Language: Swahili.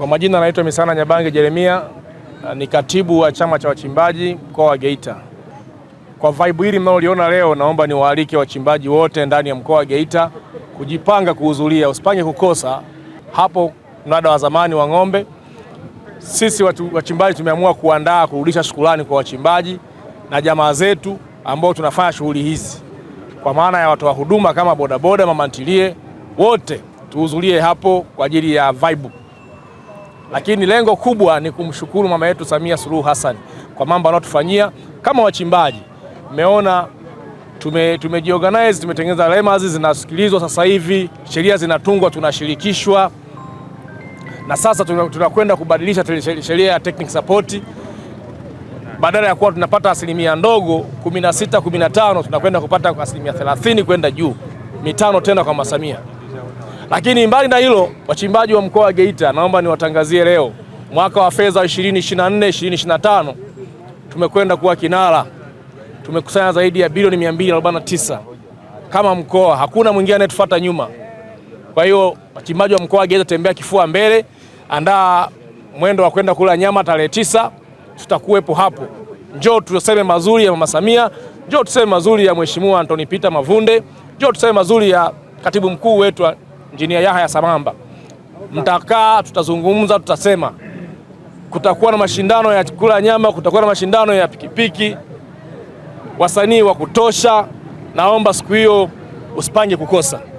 Kwa majina naitwa Misana Nyabange Jeremia, ni katibu wa chama cha wachimbaji mkoa wa Geita. Kwa vibe hili mnaoliona leo, naomba niwaalike wachimbaji wote ndani ya mkoa wa Geita kujipanga kuhudhuria, usipange kukosa hapo mnada wa zamani wa ng'ombe. Sisi watu, wachimbaji tumeamua kuandaa kurudisha shukrani kwa wachimbaji na jamaa zetu ambao tunafanya shughuli hizi, kwa maana ya watoa huduma kama bodaboda, mamantilie, wote tuhudhurie hapo kwa ajili ya vibe lakini lengo kubwa ni kumshukuru mama yetu Samia Suluhu Hassan kwa mambo anayotufanyia kama wachimbaji. Mmeona tume, tumejiorganize tumetengeneza lemazi zinasikilizwa sasa hivi, sheria zinatungwa, tunashirikishwa na sasa tunakwenda kubadilisha sheria ya technical support. Badala ya kuwa tunapata asilimia ndogo 16 15 tunakwenda kupata asilimia 30 kwenda juu mitano tena kwa masamia lakini mbali na hilo, wachimbaji wa mkoa wa Geita, naomba niwatangazie leo mwaka wa fedha 2024 2025 tumekwenda kuwa kinara. Tumekusanya zaidi ya bilioni 249 kama mkoa, hakuna mwingine anayetufuata nyuma. Kwa hiyo wachimbaji wa mkoa wa Geita, tembea kifua mbele, andaa mwendo wa kwenda kula nyama tarehe tisa, tutakuwepo hapo. Njoo tuseme mazuri ya mama Samia, njoo tuseme mazuri ya mheshimiwa Anthony Peter Mavunde, njoo tuseme mazuri ya katibu mkuu wetu Injinia Yahya Samamba, mtakaa, tutazungumza, tutasema. Kutakuwa na mashindano ya kula nyama, kutakuwa na mashindano ya pikipiki, wasanii wa kutosha. Naomba siku hiyo usipange kukosa.